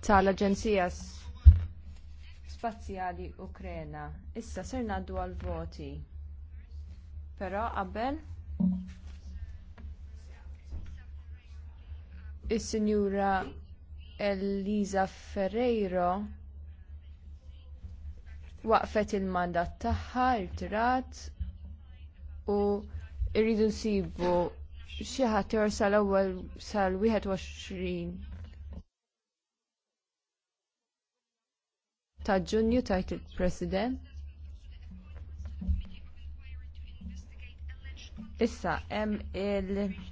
tal-Aġenzija Spazjali Ukrena. Issa ser ngħaddu għal voti. Però qabel is-Sinjura Elisa Ferreiro waqfet il-mandat tagħha rtirat u rridu nsibu xi ħadd l ewwel sal-21 ta' ġunju tajt il-President. Issa, hemm il-,